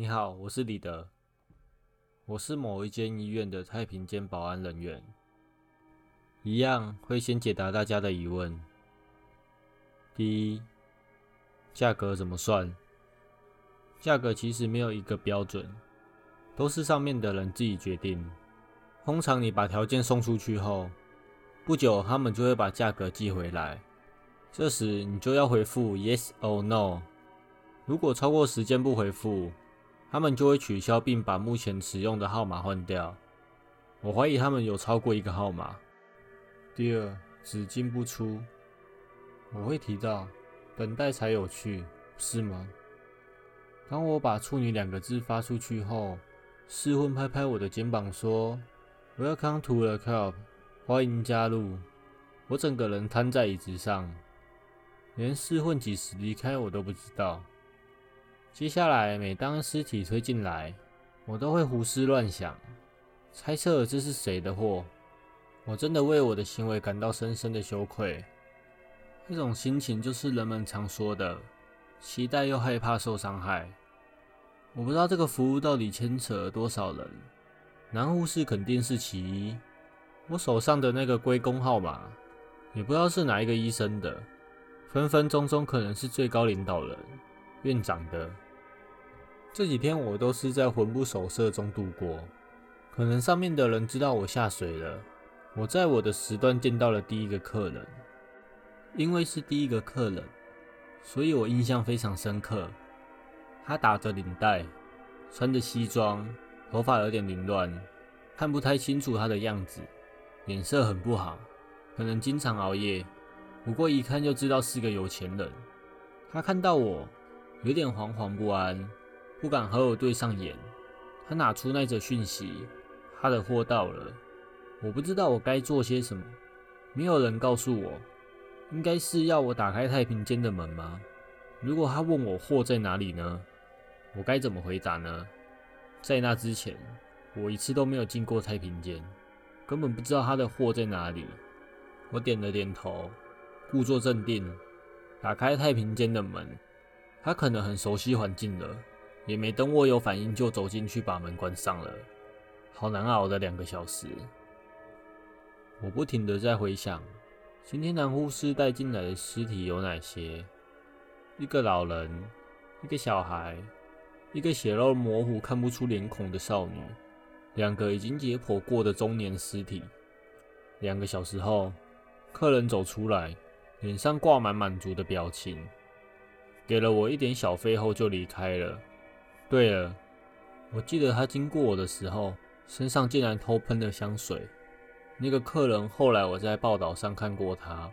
你好，我是李德，我是某一間醫院的太平間保安人員，一樣會先解答大家的疑問。第一，價格怎麼算？價格其實沒有一個標準，都是上面的人自己決定。通常你把條件送出去後，不久他們就會把價格寄回來，這時你就要回復 yes or no。如果超過時間不回復，他們就會取消並把目前使用的號碼換掉。我懷疑他們有超過一個號碼。第二，只進不出。我會提到，等待才有趣，是嗎？當我把“處女”兩個字發出去後，四混拍拍我的肩膀說：“Welcome to the club，歡迎加入。”我整個人癱在椅子上，連四混幾時離開我都不知道。接下來，每當屍體推進來，我都會胡思亂想，猜測這是誰的貨。我真的為我的行為感到深深的羞愧。這種心情就是人們常說的，期待又害怕受傷害。我不知道這個服務到底牽扯了多少人，男護士肯定是其一。我手上的那個龜公號碼也不知道是哪一個醫生的，分分鐘鐘可能是最高領導人、院長的。這幾天我都是在魂不守舍中度過。可能上面的人知道我下水了。我在我的時段見到了第一個客人，因為是第一個客人，所以我印象非常深刻。他打着領帶，穿着西裝，頭髮有點凌亂，看不太清楚他的樣子，臉色很不好，可能經常熬夜。不過一看就知道是個有錢人。他看到我，有點惶惶不安。不敢和我對上眼，他拿出那則訊息，他的貨到了。我不知道我該做些什麼，沒有人告訴我，應該是要我打開太平間的門嗎？如果他問我貨在哪裡呢？我該怎麼回答呢？在那之前，我一次都沒有進過太平間，根本不知道他的貨在哪裡。我點了點頭，故作鎮定，打開太平間的門。他可能很熟悉環境了。也沒等我有反應，就走進去把門關上了。好難熬的兩個小時，我不停的在回想，今天男護士帶進來的屍體有哪些？一個老人，一個小孩，一個血肉模糊、看不出臉孔的少女，兩個已經解剖過的中年屍體。兩個小時後，客人走出來，臉上掛滿滿足的表情，給了我一點小費後就離開了。對了，我記得他經過我的時候，身上竟然偷噴了香水。那個客人後來我在報導上看過他。